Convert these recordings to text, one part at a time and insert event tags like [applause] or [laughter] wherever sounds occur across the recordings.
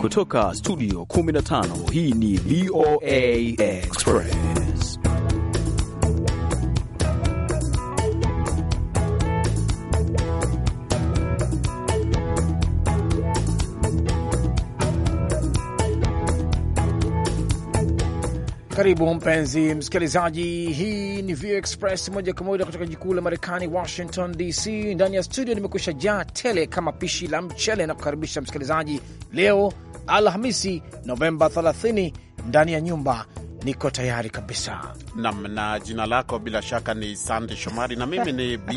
Kutoka studio 15 hii ni VOA Express. Karibu mpenzi msikilizaji, hii ni VOA Express moja kwa moja kutoka jikuu la Marekani, Washington DC. Ndani ya studio nimekusha jaa tele kama pishi la mchele na kukaribisha msikilizaji leo Alhamisi Novemba 30 ndani ya nyumba niko tayari kabisa. Nam, na jina lako bila shaka ni Sande Shomari na mimi ni B... [laughs]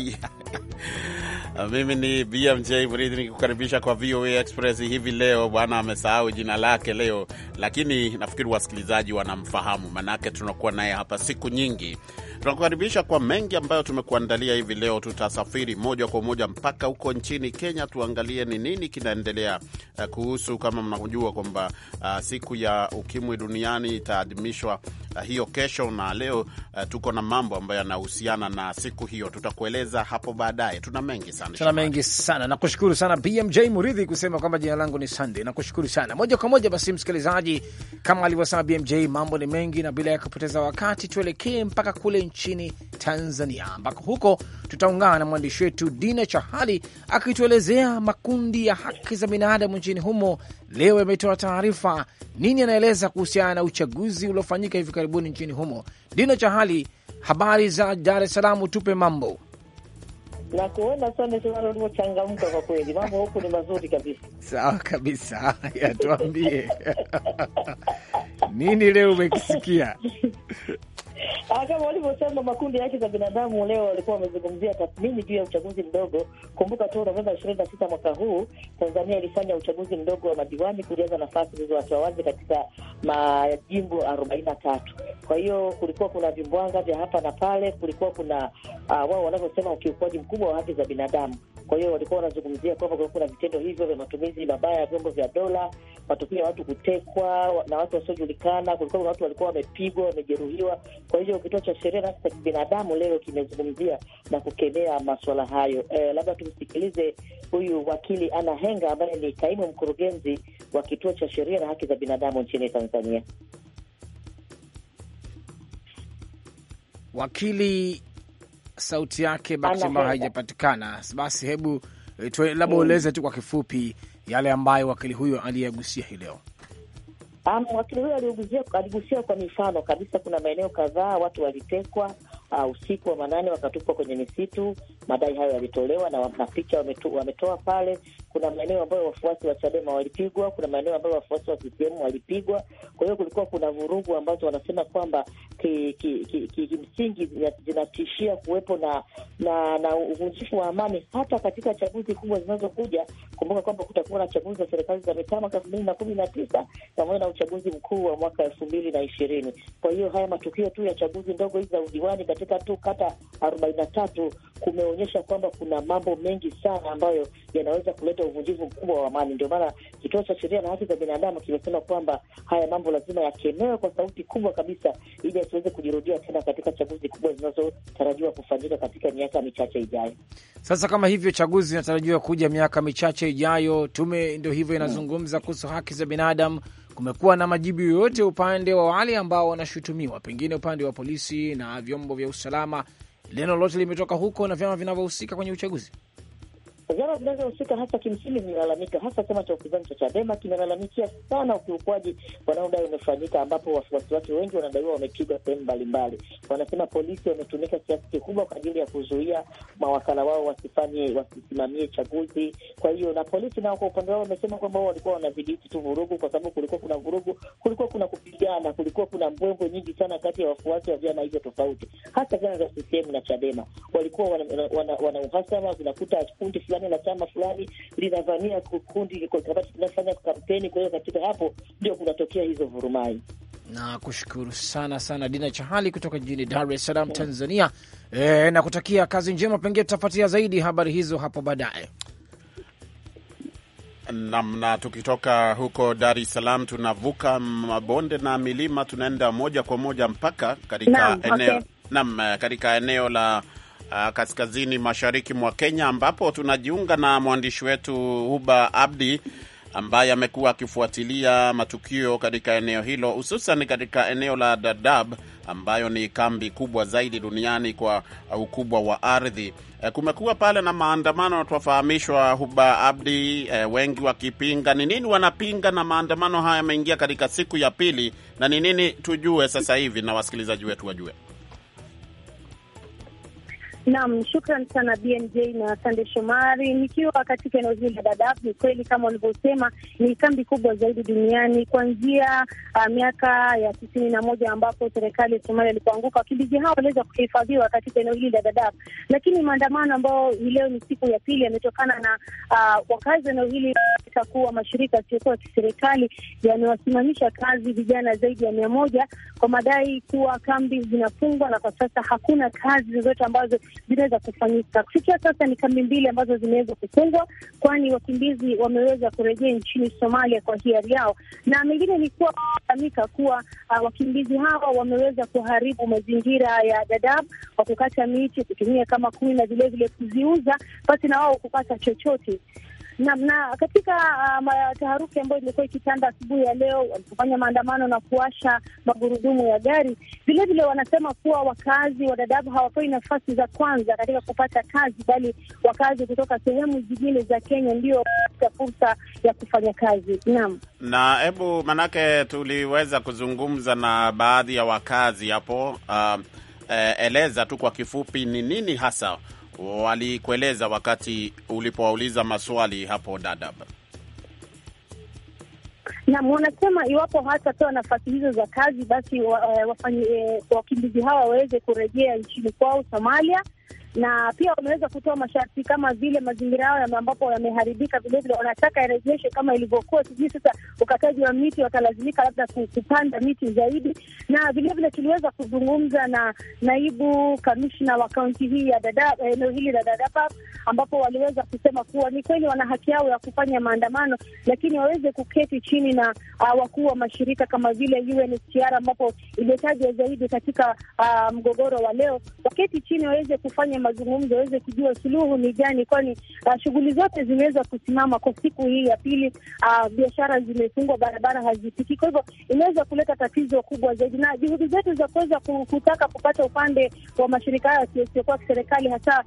mimi ni BMJ Mridhi nikikukaribisha kwa VOA Express hivi leo. Bwana amesahau jina lake leo, lakini nafikiri wasikilizaji wanamfahamu, manake tunakuwa naye hapa siku nyingi Tunakukaribisha kwa mengi ambayo tumekuandalia hivi leo. Tutasafiri moja kwa moja mpaka huko nchini Kenya, tuangalie ni nini kinaendelea eh, kuhusu, kama mnajua kwamba uh, siku ya ukimwi duniani itaadhimishwa uh, hiyo kesho, na leo uh, tuko na mambo ambayo yanahusiana na siku hiyo, tutakueleza hapo baadaye. Tuna mengi sana, tuna mengi sana. Nakushukuru sana BMJ Muridhi kusema kwamba jina langu ni Sunday. Nakushukuru sana. Moja kwa moja basi, msikilizaji, kama alivyosema BMJ, mambo ni mengi, na bila ya kupoteza wakati tuelekee mpaka kule nchini Tanzania, ambako huko tutaungana na mwandishi wetu Dina Chahali akituelezea makundi ya haki za binadamu nchini humo leo yametoa taarifa nini anaeleza kuhusiana na uchaguzi uliofanyika hivi karibuni nchini humo. Dina Chahali, habari za Dar es Salaam, tupe mambo na kuona sana Shomari ulivyochangamka kwa kweli, mambo huku ni mazuri kabisa. Sawa kabisa. yatuambie [laughs] nini leo umekisikia? [laughs] kama walivyosema makundi ya haki za binadamu leo walikuwa wamezungumzia tathmini juu ya uchaguzi mdogo. Kumbuka tu Novemba ishirini na sita mwaka huu Tanzania ilifanya uchaguzi mdogo wa madiwani kujaza nafasi zilizoachwa wazi katika majimbo arobaini na tatu. Kwa hiyo kulikuwa kuna vimbwanga vya hapa na pale, kulikuwa kuna uh, wao wanavyosema ukiukwaji mkubwa wa haki za binadamu. Kwa hiyo walikuwa wanazungumzia kwamba kulikuwa kuna vitendo hivyo vya matumizi mabaya ya vyombo vya dola, matukio ya watu kutekwa na watu wasiojulikana. Kulikuwa kuna watu walikuwa wamepigwa, wamejeruhiwa kwa hiyo kituo cha sheria na haki za kibinadamu leo kimezungumzia na kukemea maswala hayo. E, labda tumsikilize huyu wakili Ana Henga ambaye ni kaimu mkurugenzi wa kituo cha sheria na haki za binadamu nchini Tanzania. Wakili sauti yake bakisema haijapatikana. Basi hebu eh, labda mm. ueleze tu kwa kifupi yale ambayo wakili huyo aliyegusia hii leo. Wakili huyo aligusia kwa mifano kabisa, kuna maeneo kadhaa watu walitekwa uh, usiku wa manane wakatupwa kwenye misitu madai hayo yalitolewa na, na picha wametoa pale. Kuna maeneo ambayo wafuasi wa Chadema walipigwa, kuna maeneo ambayo wafuasi wa CCM walipigwa. Kwa hiyo kulikuwa kuna vurugu ambazo wanasema kwamba kimsingi ki, ki, ki, zinatishia kuwepo na na, na uvunjifu wa amani hata katika chaguzi kubwa zinazokuja. Kumbuka kwamba kutakuwa na chaguzi za serikali za mitaa mwaka elfu mbili na kumi na tisa pamoja na uchaguzi mkuu wa mwaka elfu mbili na ishirini. Kwa hiyo haya matukio tu ya chaguzi ndogo hizi za udiwani katika tu kata arobaini na tatu kume inaonyesha kwamba kuna mambo mengi sana ambayo yanaweza kuleta uvunjivu mkubwa wa amani. Ndio maana kituo cha sheria na haki za binadamu kimesema kwamba haya mambo lazima yakemewe kwa sauti kubwa kabisa, ili asiweze kujirudia tena katika chaguzi kubwa zinazotarajiwa kufanyika katika miaka michache ijayo. Sasa kama hivyo chaguzi zinatarajiwa kuja miaka michache ijayo, tume ndio hivyo inazungumza kuhusu haki za binadamu. Kumekuwa na majibu yoyote upande wa wale ambao wanashutumiwa, pengine upande wa polisi na vyombo vya usalama? Neno lolote limetoka huko na vyama vinavyohusika kwenye uchaguzi? Vyama vinavyohusika hasa kimsingi vinalalamika, hasa chama cha upinzani cha Chadema kimelalamikia sana ukiukwaji wanaodai umefanyika, ambapo wafuasi wake wengi wanadaiwa wamepigwa sehemu mbalimbali. Wanasema polisi wametumika kiasi kikubwa kwa ajili ya kuzuia mawakala wao wasifanye, wasisimamie chaguzi. Kwa hiyo na polisi nao kwa upande wao wamesema kwamba wao walikuwa wanadhibiti tu vurugu, kwa sababu kulikuwa kuna vurugu, kulikuwa kuna kupigana, kulikuwa kuna mbwembwe nyingi sana kati ya wafuasi wa vyama hivyo tofauti, hasa vyama vya CCM na Chadema. Walikuwa wana, wana, wana, uhasama, zinakuta kundi fulani fulani na chama fulani linavamia kundi wakati tunafanya kampeni. Kwa hiyo katika hapo ndio kunatokea hizo vurumai. Na kushukuru sana sana Dina Chahali kutoka jijini Dar es Salaam, mm. Tanzania. E, na kutakia kazi njema, pengine tutafuatia zaidi habari hizo hapo baadaye. Namna tukitoka huko Dar es Salaam tunavuka mabonde na milima, tunaenda moja kwa moja mpaka katika eneo okay. Naam, eh, katika eneo la uh, kaskazini mashariki mwa Kenya, ambapo tunajiunga na mwandishi wetu Huba Abdi ambaye amekuwa akifuatilia matukio katika eneo hilo, hususan katika eneo la Dadaab ambayo ni kambi kubwa zaidi duniani kwa ukubwa wa ardhi. E, kumekuwa pale na maandamano, tuwafahamishwa Huba Abdi, e, wengi wakipinga. Ni nini wanapinga, na maandamano haya yameingia katika siku ya pili, na ni nini tujue sasa hivi na wasikilizaji wetu wajue? Naam, shukran sana BMJ na Sande Shomari. Nikiwa katika eneo hili la Dadaab, ni kweli kama ulivyosema, ni kambi kubwa zaidi duniani kuanzia uh, miaka ya tisini na moja ambapo serikali ya Somalia ilipoanguka, wakimbizi hao waliweza kuhifadhiwa katika eneo hili la Dadaab. Lakini maandamano ambayo hii leo ni siku ya pili yametokana na uh, wakazi wa eneo hili kuwa mashirika yasiyokuwa ya kiserikali yamewasimamisha kazi vijana zaidi ya mia moja kwa madai kuwa kambi zinafungwa na kwa sasa hakuna kazi zozote ambazo zinaweza kufanyika. Kufikia sasa ni kambi mbili ambazo zimeweza kufungwa, kwani wakimbizi wameweza kurejea nchini Somalia kwa hiari yao, na mengine ni kuwa amika kuwa uh, wakimbizi hawa wameweza kuharibu mazingira ya Dadaab kwa kukata miti, kutumia kama kuni na vilevile kuziuza basi na wao kupata chochote na, na katika uh, taharuki ambayo ilikuwa ikitanda asubuhi ya leo, walipofanya maandamano na kuwasha magurudumu ya gari, vilevile wanasema kuwa wakazi wa dadabu hawapewi nafasi za kwanza katika kupata kazi, bali wakazi kutoka sehemu zingine za Kenya ndio wanapata fursa ya kufanya kazi. Naam, na hebu manake tuliweza kuzungumza na baadhi ya wakazi hapo. Uh, eh, eleza tu kwa kifupi ni nini hasa walikueleza wakati ulipowauliza maswali hapo Dadab? Nam, wanasema iwapo hawatapewa nafasi hizo za kazi, basi wa, eh, wafanyi, uh, wakimbizi hawa waweze kurejea nchini kwao Somalia na pia wameweza kutoa masharti kama vile mazingira yao ambapo yameharibika, vilevile wanataka yarejeshwe kama ilivyokuwa. Sijui sasa ukataji wa miti, watalazimika labda kupanda miti zaidi. Na vilevile tuliweza kuzungumza na naibu kamishna wa kaunti hii ya Dadaab, eneo hili la Dadaab, ambapo waliweza kusema kuwa ni kweli wana haki yao ya kufanya maandamano, lakini waweze kuketi chini na uh, wakuu wa mashirika kama vile UNHCR ambapo imetajwa zaidi katika uh, mgogoro wa leo, waketi chini waweze kufanya mazungumzo waweze kujua suluhu ni gani, kwani uh, shughuli zote zimeweza kusimama kwa siku hii ya pili. Uh, biashara zimefungwa, barabara hazifiki, kwa hivyo inaweza kuleta tatizo kubwa zaidi, na juhudi zetu za kuweza kutaka kupata upande wa mashirika hayo yasiyokuwa kiserikali, hasa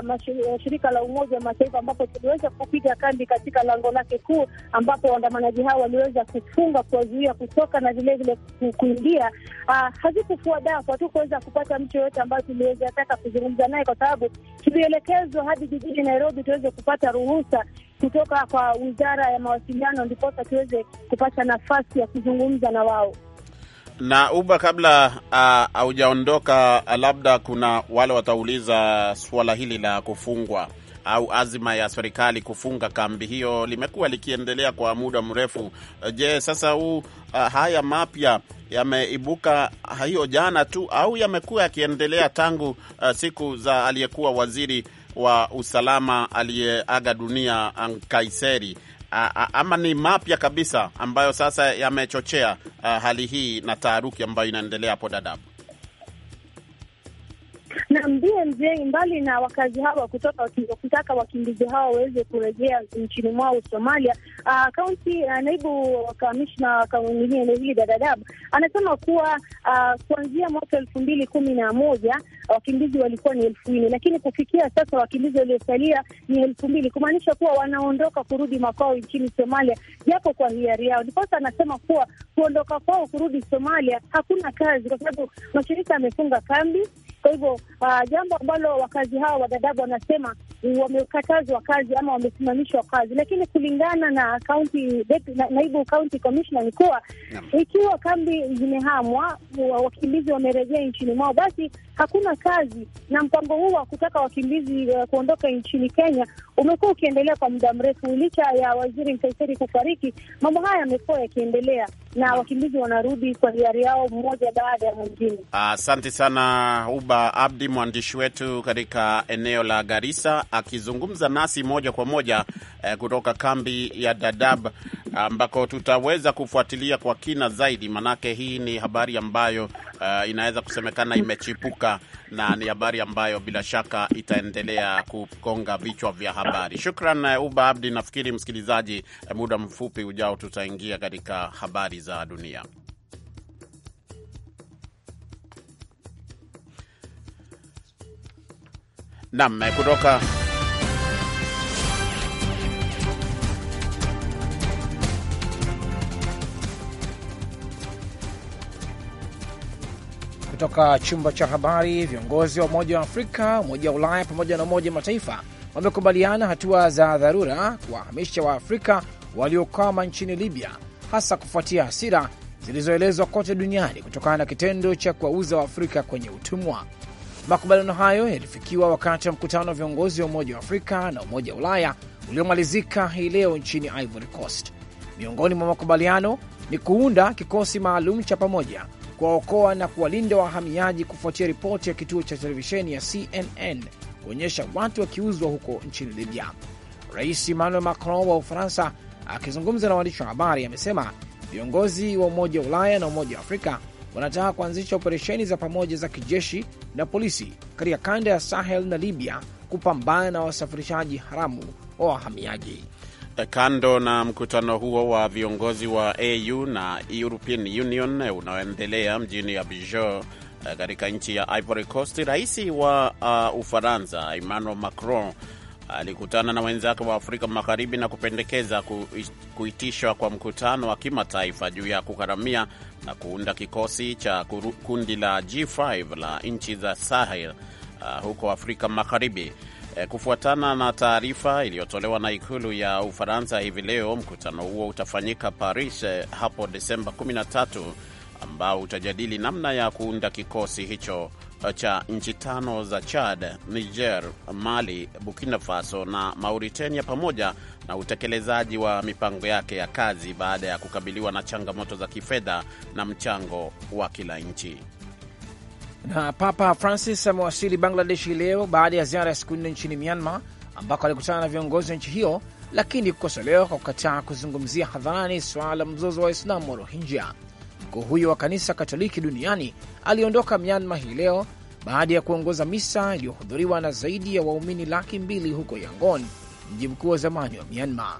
uh, shirika la Umoja wa Mataifa ambapo tuliweza kupiga kambi katika lango lake kuu, ambapo waandamanaji hao waliweza kufunga, kuwazuia kutoka na vilevile kuingia. Uh, hazikufua dafu tu kuweza kupata mtu yoyote ambayo tuliweza taka kuzungumza naye kwa sababu tulielekezwa hadi jijini Nairobi tuweze kupata ruhusa kutoka kwa wizara ya mawasiliano, ndiposa tuweze kupata nafasi ya kuzungumza na wao. Na Uba, kabla haujaondoka, labda kuna wale watauliza suala hili la kufungwa au azima ya serikali kufunga kambi hiyo limekuwa likiendelea kwa muda mrefu. Eh, je, sasa huu ah, haya mapya yameibuka hiyo jana tu au yamekuwa yakiendelea tangu uh, siku za aliyekuwa waziri wa usalama aliyeaga dunia Nkaiseri? Ah, ah, ama ni mapya kabisa ambayo sasa yamechochea hali hii na taharuki ambayo inaendelea hapo dadabu na mbmj mbali na wakazi hawa kutoka kutaka wakimbizi hawa waweze kurejea nchini mwao Somalia. Uh, kaunti uh, naibu kamishna kaunti eneo hili Dadadab anasema kuwa uh, kuanzia mwaka elfu mbili kumi na moja wakimbizi walikuwa ni elfu nne lakini kufikia sasa wakimbizi waliosalia ni elfu mbili kumaanisha kuwa wanaondoka kurudi makwao nchini Somalia japo kwa hiari yao. Ndiposa anasema kuwa kuondoka kwao kurudi Somalia hakuna kazi, kwa sababu mashirika yamefunga kambi kwa hivyo uh, jambo ambalo wakazi hawa wadadabu wanasema wamekatazwa kazi ama wamesimamishwa kazi, lakini kulingana na county na, naibu county commissioner ni kuwa ikiwa kambi zimehamwa, wakimbizi wamerejea nchini mwao, basi hakuna kazi, na mpango huu wa kutaka wakimbizi uh, kuondoka nchini Kenya umekuwa ukiendelea kwa muda mrefu. Licha ya waziri Mkaiseri kufariki, mambo haya yamekuwa yakiendelea na wakimbizi wanarudi kwa hiari yao mmoja baada ya mwingine. Asante sana Uba Abdi, mwandishi wetu katika eneo la Garissa, akizungumza nasi moja kwa moja eh, kutoka kambi ya Dadaab ambako tutaweza kufuatilia kwa kina zaidi, manake hii ni habari ambayo uh, inaweza kusemekana imechipuka na ni habari ambayo bila shaka itaendelea kugonga vichwa vya habari. Shukran uh, Uba Abdi. Nafikiri msikilizaji, uh, muda mfupi ujao tutaingia katika habari za dunia. Naam, uh, kutoka Kutoka chumba cha habari, viongozi wa Umoja wa Afrika, Umoja wa Ulaya pamoja na Umoja Mataifa wamekubaliana hatua za dharura kuwahamisha Waafrika waliokwama nchini Libya, hasa kufuatia hasira zilizoelezwa kote duniani kutokana na kitendo cha kuwauza Waafrika kwenye utumwa. Makubaliano hayo yalifikiwa wakati wa mkutano wa viongozi wa Umoja wa Afrika na Umoja wa Ulaya uliomalizika hii leo nchini Ivory Coast. Miongoni mwa makubaliano ni kuunda kikosi maalum cha pamoja kuwaokoa na kuwalinda wahamiaji kufuatia ripoti ya kituo cha televisheni ya CNN kuonyesha watu wakiuzwa huko nchini Libya. Rais Emmanuel Macron wa Ufaransa akizungumza na waandishi wa habari amesema viongozi wa Umoja wa Ulaya na Umoja wa Afrika wanataka kuanzisha operesheni za pamoja za kijeshi na polisi katika kanda ya Sahel na Libya kupambana na wasafirishaji haramu wa wahamiaji. Eh, kando na mkutano huo wa viongozi wa AU na European Union unaoendelea mjini Abidjan eh, katika nchi ya Ivory Coast, rais wa uh, Ufaransa Emmanuel Macron alikutana na wenzake wa Afrika Magharibi na kupendekeza kuitishwa kwa mkutano wa kimataifa juu ya kugharamia na kuunda kikosi cha kundi la G5 la nchi za Sahel uh, huko Afrika Magharibi. Eh, kufuatana na taarifa iliyotolewa na ikulu ya Ufaransa hivi leo, mkutano huo utafanyika Paris eh, hapo Desemba 13 ambao utajadili namna ya kuunda kikosi hicho eh, cha nchi tano za Chad, Niger, Mali, Burkina Faso na Mauritania pamoja na utekelezaji wa mipango yake ya kazi baada ya kukabiliwa na changamoto za kifedha na mchango wa kila nchi. Na Papa Francis amewasili Bangladesh hii leo baada ya ziara ya siku nne nchini Myanmar ambako alikutana na viongozi wa nchi hiyo, lakini kukosolewa kwa kukataa kuzungumzia hadharani suala la mzozo wa Waislamu wa Rohingya. Mkuu huyo wa kanisa Katoliki duniani aliondoka Myanmar hii leo baada ya kuongoza misa iliyohudhuriwa na zaidi ya waumini laki mbili huko Yangon, mji mkuu wa zamani wa Myanmar.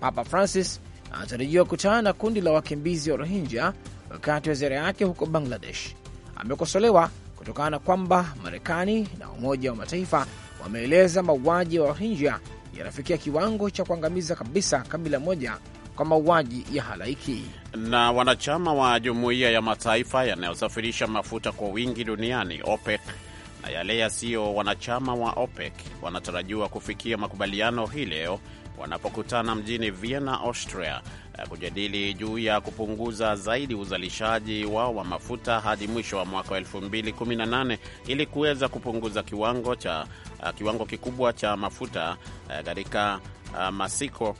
Papa Francis anatarajiwa kukutana na kundi la wakimbizi wa Rohingya wakati wa ziara yake huko Bangladesh amekosolewa kutokana na kwamba Marekani na Umoja wa Mataifa wameeleza mauaji ya wa Rohingya yanafikia kiwango cha kuangamiza kabisa kabila moja kwa mauaji ya halaiki. Na wanachama wa jumuiya ya mataifa yanayosafirisha mafuta kwa wingi duniani OPEC na yale yasiyo wanachama wa OPEC wanatarajiwa kufikia makubaliano hii leo wanapokutana mjini Vienna, Austria Eh, kujadili juu ya kupunguza zaidi uzalishaji wao wa mafuta hadi mwisho wa mwaka wa 2018 ili kuweza kupunguza kiwango cha eh, kiwango kikubwa cha mafuta eh, katika masiko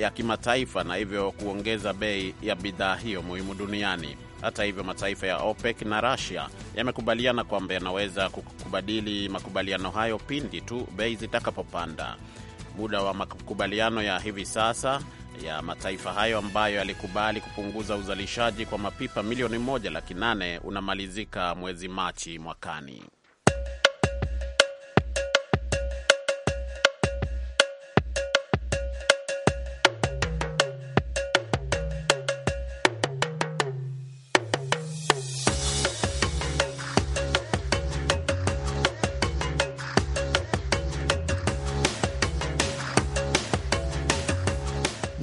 ya kimataifa na hivyo kuongeza bei ya bidhaa hiyo muhimu duniani. Hata hivyo mataifa ya OPEC na Russia yamekubaliana kwamba yanaweza kubadili makubaliano hayo pindi tu bei zitakapopanda. Muda wa makubaliano ya hivi sasa ya mataifa hayo ambayo yalikubali kupunguza uzalishaji kwa mapipa milioni moja laki nane unamalizika mwezi Machi mwakani.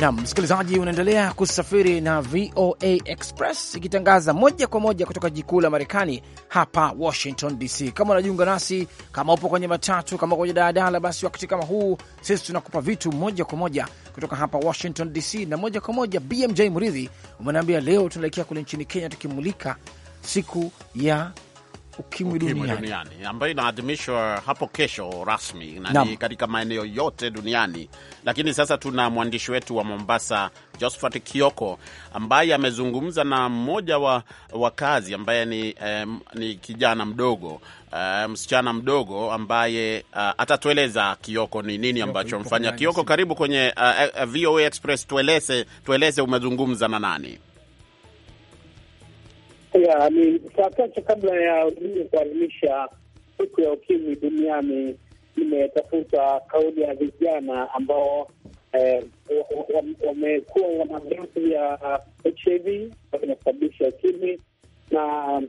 na msikilizaji, unaendelea kusafiri na VOA Express ikitangaza moja kwa moja kutoka jikuu la Marekani hapa Washington DC. Kama unajiunga nasi, kama upo kwenye matatu, kama kwenye daladala, basi wakati kama huu sisi tunakupa vitu moja kwa moja kutoka hapa Washington DC. Na moja kwa moja, BMJ Muridhi umeniambia leo tunaelekea kule nchini Kenya tukimulika siku ya ukimwi duniani ambayo inaadhimishwa hapo kesho rasmi ni katika maeneo yote duniani. Lakini sasa tuna mwandishi wetu wa Mombasa, Josphat Kioko, ambaye amezungumza na mmoja wa wakazi ambaye ni, eh, ni kijana mdogo eh, msichana mdogo ambaye eh, atatueleza Kioko ni nini ambacho mfanya. Kioko, karibu kwenye eh, eh, VOA Express. Tueleze, tueleze umezungumza na nani? ya ni saa chache kabla ya dunia kuadhimisha siku ya ukimwi duniani, nimetafuta kauli ya vijana ambao eh, wamekuwa wana virusi vya HIV vinasababisha ukimwi, na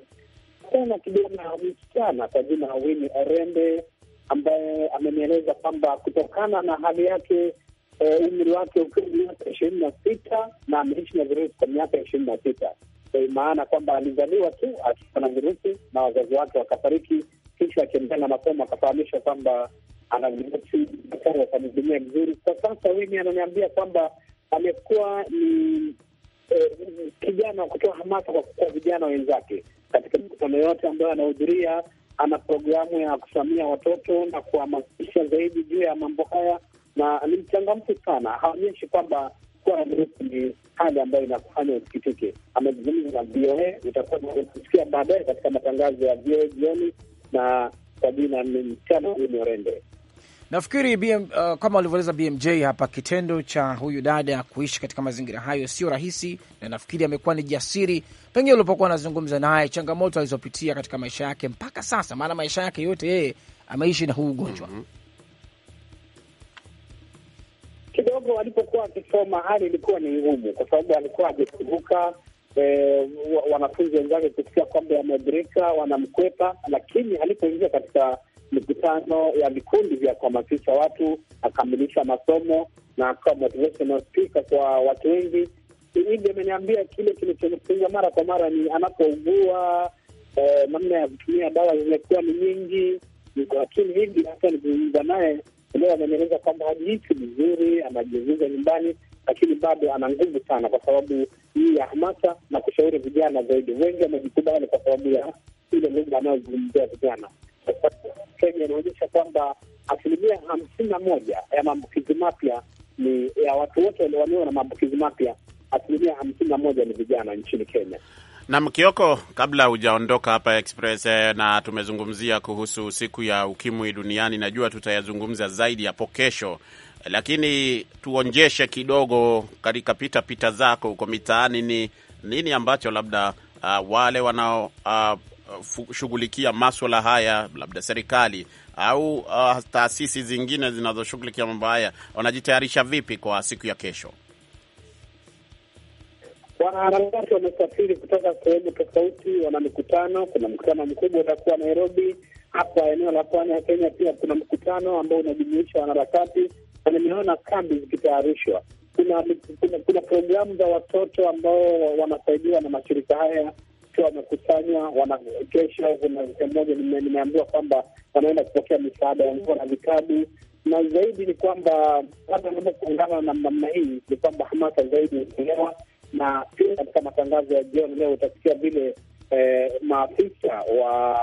tena kijana msichana kwa jina Wini orende ambaye amenieleza kwamba kutokana na hali yake eh, umri wake ukiwa miaka ishirini na sita na ameishi na virusi kwa miaka ishirini na sita kwa maana kwamba alizaliwa tu akiwa na virusi na wazazi wake wakafariki, kisha akiendelea na masomo akafahamishwa kwamba ana virusi, daktari wakamhudumia vizuri. Kwa sasa mimi ananiambia kwamba amekuwa ni e, kijana wa kutoa hamasa kwa vijana wenzake. Katika mikutano yote ambayo anahudhuria, ana programu ya kusimamia watoto na kuhamasisha zaidi juu ya mambo haya, na ni mchangamfu sana, haonyeshi kwamba kuwa ni hali ambayo inakufanya usikitike. Amezungumza na VOA, utakuwa kusikia baadaye katika matangazo ya VOA jioni, na kwa jina ni mchana huyu ni Orende. Nafikiri BM, uh, kama alivyoeleza BMJ hapa, kitendo cha huyu dada kuishi katika mazingira hayo sio rahisi, na nafikiri amekuwa ni jasiri, pengine ulipokuwa anazungumza naye, changamoto alizopitia katika maisha yake mpaka sasa, maana maisha yake yote yeye ameishi na huu ugonjwa mm -hmm kidogo walipokuwa wakisoma hali ilikuwa ni ngumu, kwa sababu alikuwa hajafunguka eh, wanafunzi wenzake kusikia kwamba yameathirika wanamkwepa, lakini alipoingia katika mikutano ya vikundi vya kuhamasisha watu akamilisha masomo na akawa motivational speaker kwa watu wengi. hivi ameniambia kile kilichomfunga mara kwa mara ni anapougua, eh, namna ya kutumia dawa zimekuwa ni nyingi, lakini hivi hata nikizungumza naye Leo ameeleza kwamba hajihisi vizuri, anajiuguza nyumbani, lakini bado ana nguvu sana, kwa sababu hii ya hamasa na kushauri vijana zaidi. Wengi wamejikubali kwa sababu ya ile lugha anayozungumzia vijana. Kenya inaonyesha kwamba asilimia hamsini na moja ya maambukizi mapya ni ya watu wote walio na maambukizi mapya, asilimia hamsini na moja ni vijana nchini Kenya. Na Mkioko, kabla hujaondoka hapa Express, eh, na tumezungumzia kuhusu siku ya ukimwi duniani, najua tutayazungumza zaidi hapo kesho, lakini tuonjeshe kidogo katika pita pita zako huko mitaani, ni nini ambacho labda uh, wale wanaoshughulikia ah, uh, maswala haya labda serikali au uh, taasisi zingine zinazoshughulikia mambo haya wanajitayarisha vipi kwa siku ya kesho? Wanaharakati wamesafiri kutoka sehemu tofauti, wana mikutano. Kuna mkutano mkubwa utakuwa Nairobi, hapa eneo la pwani ya Kenya. Pia kuna mkutano ambao unajumuisha wanaharakati, na nimeona kambi zikitayarishwa. Kuna, kuna, kuna programu za watoto ambao wanasaidiwa na mashirika haya wamekusanywa wanakesha. Kuna sehemu moja nimeambiwa kwamba wanaenda kupokea misaada ya nguo na vitabu, na zaidi ni kwamba hata wanapokuungana na namna hii ni kwamba hamasa zaidi inaelewa na pia katika matangazo ya jioni leo utasikia vile eh, maafisa wa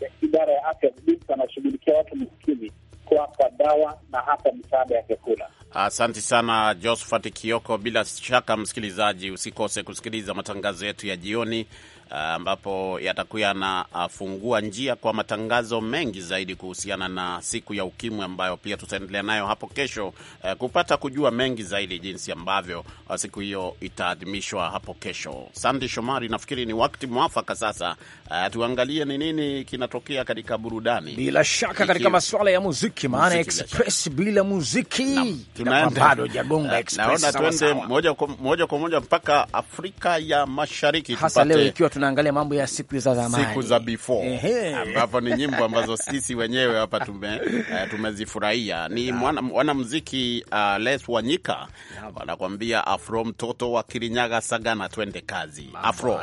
eh, idara ya afya wanashughulikia watu maskini kuwapa dawa na hata misaada ya vyakula. Asante sana Josephat Kioko. Bila shaka, msikilizaji, usikose kusikiliza matangazo yetu ya jioni Ah, ambapo yatakuwa yanafungua njia kwa matangazo mengi zaidi kuhusiana na siku ya ukimwi ambayo pia tutaendelea nayo hapo kesho, eh, kupata kujua mengi zaidi jinsi ambavyo ah, siku hiyo itaadhimishwa hapo kesho. Sandi Shomari, nafikiri ni wakati mwafaka sasa, uh, tuangalie ni nini kinatokea katika burudani, bila shaka katika masuala ya muziki, maana express bila muziki bado jagonga eh, express. Naona tuende moja kwa moja mpaka Afrika ya Mashariki tupate tunaangalia mambo ya siku za zamani, siku za before, ambapo ni nyimbo ambazo sisi wenyewe hapa tume, uh, tumezifurahia. Ni mwanamuziki uh, Les Wanyika wanakuambia afro, mtoto wa Kirinyaga Sagana, twende kazi afro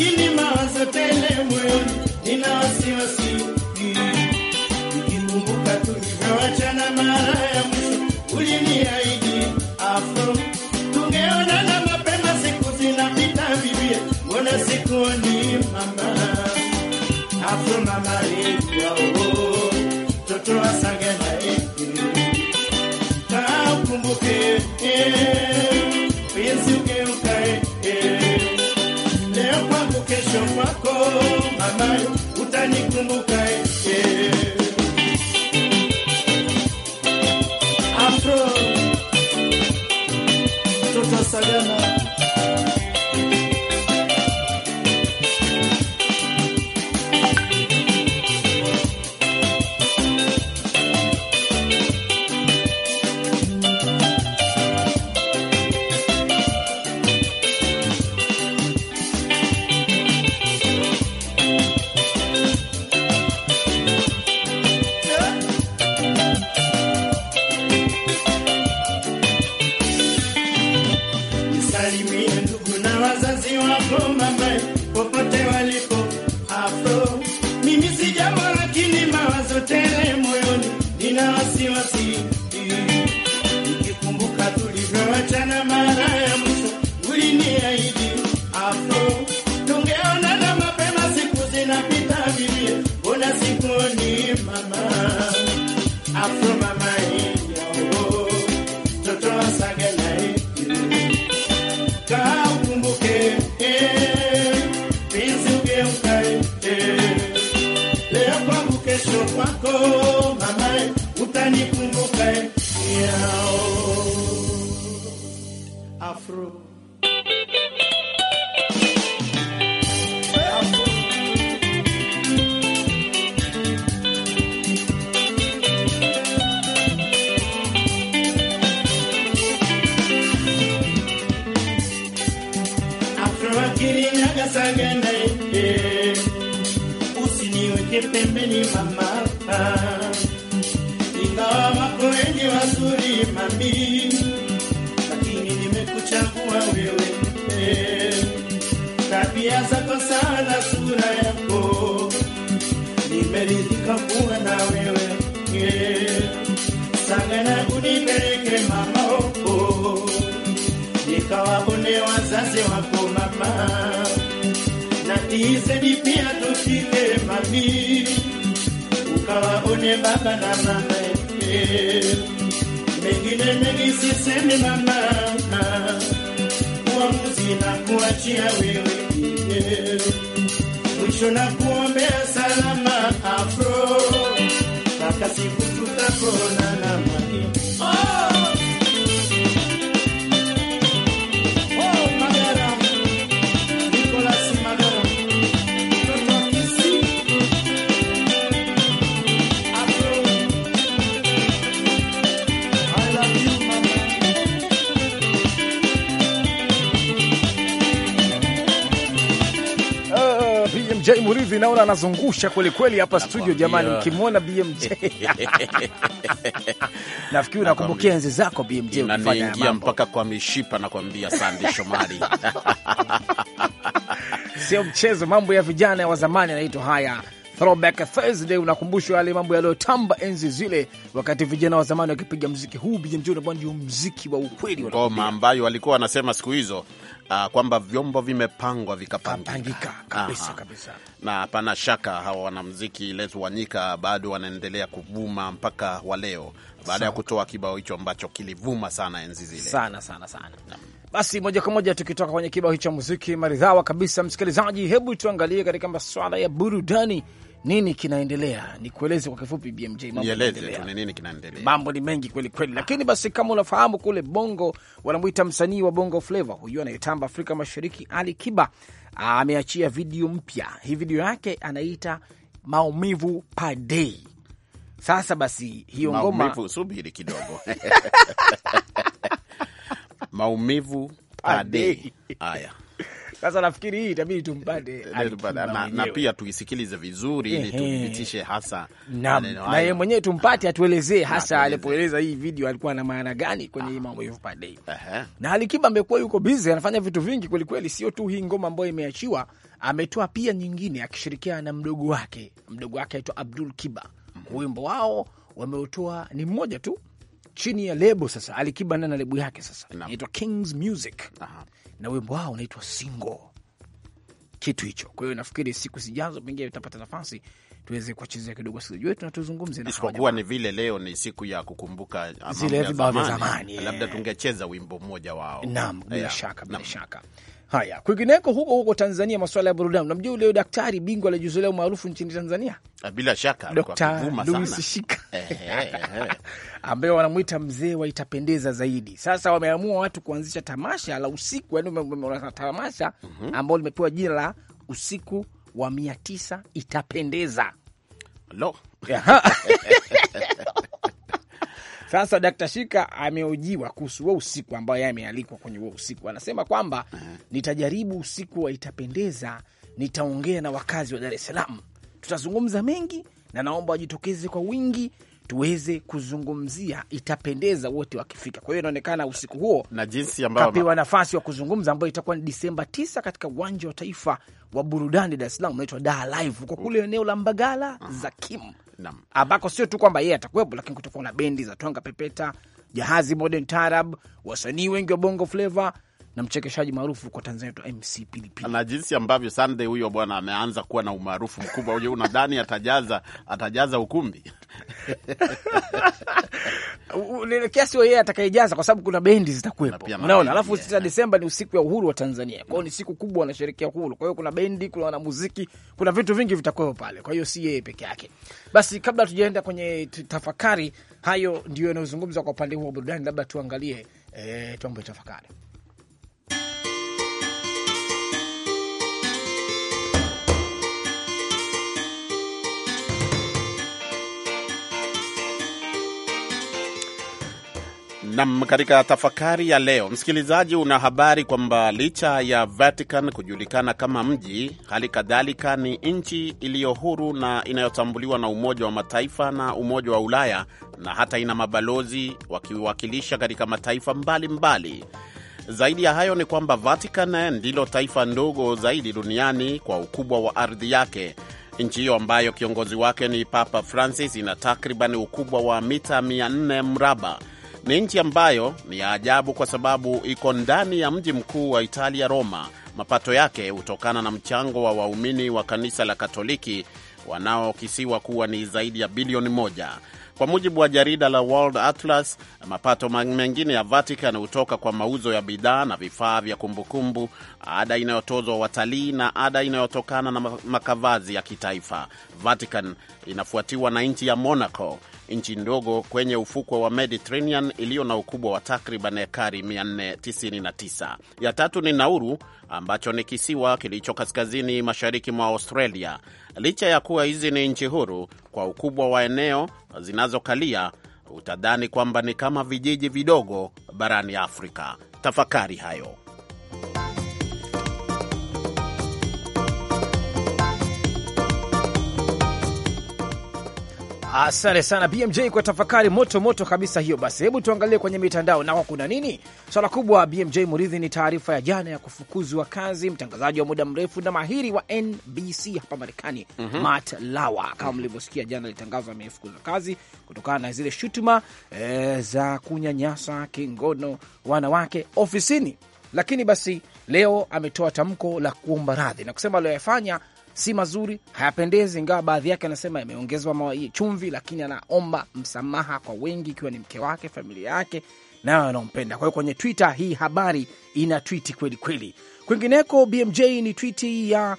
kilima se pele Corona. niweke pembeni mama, ingawa wako wengi wazuri mami, lakini nimekuchagua wewe, tabia zako sana, sura yako, nimeridhika kuwa na wewe sangana, unipeleke mama huko, nikawaone wazazi wako mama Tiseni pia tutile mamiri, ukawaone baba na mama yetu. Mengine mengi sisemi mama, uamuzi na kuachia wewe Mwisho na kuombea salama afro, mpaka siku tutakonana. BMJ Muridhi naona anazungusha kweli kweli hapa studio. Jamani, mkimwona BMJ [laughs] nafikiri unakumbukia enzi zako BMJ, unaniingia mpaka kwa mishipa, nakwambia Sandi Shomari. [laughs] Sio mchezo, mambo ya vijana wa zamani yanaitwa haya. Throwback Thursday unakumbushwa yale mambo yaliyotamba enzi zile, wakati vijana wa zamani wakipiga mziki huu. BMJ, unabona ndio mziki wa ukweli, ngoma ambayo walikuwa wanasema siku hizo uh, kwamba vyombo vimepangwa vikapangika kabisa kabisa, na hapana shaka hawa wanamziki Les Wanyika bado wanaendelea kuvuma mpaka wa leo baada ya kutoa kibao hicho ambacho kilivuma sana enzi zile sana sana sana. Basi moja kwa moja tukitoka kwenye kibao hicho muziki maridhawa kabisa, msikilizaji, hebu tuangalie katika masuala ya burudani nini kinaendelea? Ni kueleze kwa kifupi, BMJ, mambo ni mengi kweli kweli, lakini basi, kama unafahamu, kule Bongo wanamwita msanii wa Bongo Flava huyu anayetamba Afrika Mashariki, Ali Kiba ameachia video mpya. Hii video yake anaita maumivu padei. Sasa basi, hiyo ngoma subiri kidogo [laughs] maumivu padei haya sasa nafikiri hii itabidi tumpate eh, eh, na, na pia tuisikilize vizuri ili tuthibitishe hasa na, na yeye mwenyewe tumpate atuelezee hasa alipoeleza hii video alikuwa na maana gani kwenye hii mambo Youth Party. Na Alikiba amekuwa yuko busy anafanya vitu vingi kweli kweli, sio tu hii ngoma ambayo imeachiwa, ametoa pia nyingine akishirikiana na mdogo wake. Mdogo wake aitwa Abdul Kiba. Mm-hmm. Wimbo wao wameutoa ni mmoja tu chini ya lebo sasa, Alikiba na lebo yake sasa inaitwa Kings Music Aha. na wimbo wao unaitwa single kitu hicho. Kwa hiyo nafikiri siku zijazo pengine tutapata nafasi tuweze kuwachezea kidogo wasikilizaji wetu na tuzungumze, isipokuwa ni vile leo ni siku ya kukumbuka zile vibao vya zamani, labda tungecheza wimbo mmoja wao. Naam, bila shaka, bila shaka. Haya, kwingineko huko huko Tanzania, masuala ya burudani, unamjua ule daktari bingwa aliyejiuzulu maarufu nchini Tanzania, ah, bila shaka Dkt. Shika [laughs] ambaye wanamwita mzee wa itapendeza zaidi. Sasa wameamua watu kuanzisha tamasha la usiku, yaani tamasha mhm. ambao limepewa jina la usiku wa mia tisa itapendeza. Lo [laughs] [laughs] Sasa Dakta Shika ameojiwa kuhusu huo usiku ambao yeye amealikwa kwenye huo usiku, anasema kwamba nitajaribu usiku wa Itapendeza, nitaongea na wakazi wa Dar es Salaam, tutazungumza mengi na naomba wajitokeze kwa wingi tuweze kuzungumzia Itapendeza wote wakifika. Kwa hiyo inaonekana usiku huo na jinsi ambao kapewa nafasi wa kuzungumza ambayo itakuwa ni Disemba 9 katika uwanja wa taifa wa burudani Dar es Salaam unaitwa Dar Live, huko kule mm. eneo la Mbagala za Zakim. Platinum, ambako sio tu kwamba yeye atakuwepo, lakini kutakuwa na bendi za Twanga Pepeta, Jahazi, Modern Tarab, wasanii wengi wa bongo flava na mchekeshaji maarufu kwa Tanzania MC Pilipili, na jinsi ambavyo Sunday huyo bwana ameanza kuwa na umaarufu mkubwa. huyo, unadhani atajaza atajaza ukumbi [laughs] kiasi yeye atakayejaza, kwa sababu kuna bendi zitakuwepo, unaona. Alafu sita yeah. Desemba ni usiku ya uhuru wa Tanzania kwao, ni siku kubwa, wanasherekea uhuru. Kwa hiyo kuna bendi, kuna wanamuziki, kuna vitu vingi vitakuwepo pale, kwa hiyo si yeye peke yake. Basi kabla tujaenda kwenye tafakari, hayo ndio yanayozungumzwa kwa upande huo wa burudani, labda tuangalie eh, tuambe tafakari Nam, katika tafakari ya leo, msikilizaji, una habari kwamba licha ya Vatican kujulikana kama mji, hali kadhalika ni nchi iliyo huru na inayotambuliwa na Umoja wa Mataifa na Umoja wa Ulaya, na hata ina mabalozi wakiwakilisha katika mataifa mbalimbali mbali. Zaidi ya hayo ni kwamba Vatican ndilo taifa ndogo zaidi duniani kwa ukubwa wa ardhi yake. Nchi hiyo ambayo kiongozi wake ni Papa Francis ina takriban ukubwa wa mita 400 mraba ni nchi ambayo ni ya ajabu kwa sababu iko ndani ya mji mkuu wa Italia, Roma. Mapato yake hutokana na mchango wa waumini wa kanisa la Katoliki wanaokisiwa kuwa ni zaidi ya bilioni moja. Kwa mujibu wa jarida la World Atlas, mapato mengine ya Vatican hutoka kwa mauzo ya bidhaa na vifaa vya kumbukumbu, ada inayotozwa watalii na ada inayotokana na makavazi ya kitaifa. Vatican inafuatiwa na nchi ya Monaco nchi ndogo kwenye ufukwe wa Mediterranean iliyo na ukubwa wa takriban ekari 499. Ya tatu ni Nauru ambacho ni kisiwa kilicho kaskazini mashariki mwa Australia. Licha ya kuwa hizi ni nchi huru kwa ukubwa wa eneo zinazokalia, utadhani kwamba ni kama vijiji vidogo barani Afrika. Tafakari hayo. Asante sana BMJ kwa tafakari moto moto kabisa hiyo. Basi hebu tuangalie kwenye mitandao nako kuna nini? Swala kubwa BMJ Muridhi ni taarifa ya jana ya kufukuzwa kazi mtangazaji wa muda mrefu na mahiri wa NBC hapa Marekani, mm -hmm. Matt Lauer kama mlivyosikia jana alitangazwa amefukuzwa kazi kutokana na zile shutuma e, za kunyanyasa kingono wanawake ofisini, lakini basi leo ametoa tamko la kuomba radhi na kusema aliyoyafanya si mazuri, hayapendezi, ingawa baadhi yake anasema yameongezwa chumvi, lakini anaomba msamaha kwa wengi, ikiwa ni mke wake, familia yake nayo anaompenda Kwa hiyo kwenye Twitter hii habari ina twiti kweli kweli. Kwingineko, BMJ ni twiti ya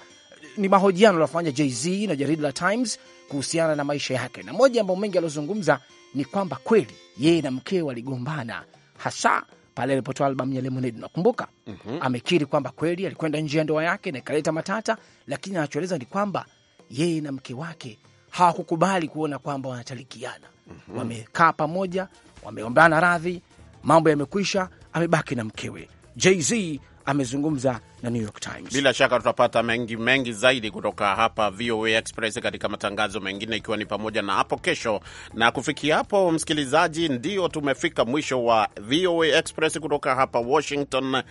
ni mahojiano aliofanya JZ na jarida la Times kuhusiana na maisha yake, na moja ambayo mengi aliozungumza ni kwamba kweli yeye na mkee waligombana hasa pale alipotoa albamu ya Lemonade, nakumbuka mm -hmm. amekiri kwamba kweli alikwenda nje ya ndoa yake na ikaleta matata, lakini anachoeleza ni kwamba yeye na mke wake hawakukubali kuona kwamba wanatalikiana. mm -hmm. Wamekaa pamoja, wameombana radhi, mambo yamekwisha, amebaki na mkewe. Jay-Z amezungumza na New York Times. Bila shaka tutapata mengi mengi zaidi kutoka hapa VOA Express katika matangazo mengine, ikiwa ni pamoja na hapo kesho. Na kufikia hapo, msikilizaji, ndio tumefika mwisho wa VOA Express kutoka hapa Washington.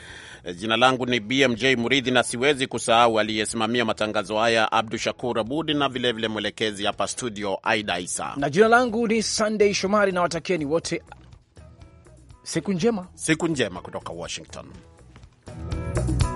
Jina langu ni BMJ Muridhi, na siwezi kusahau aliyesimamia matangazo haya Abdu Shakur Abudi, na vilevile vile mwelekezi hapa studio Aida Isa, na jina langu ni Sunday Shomari, na watakieni wote siku njema, siku njema kutoka Washington. Bye.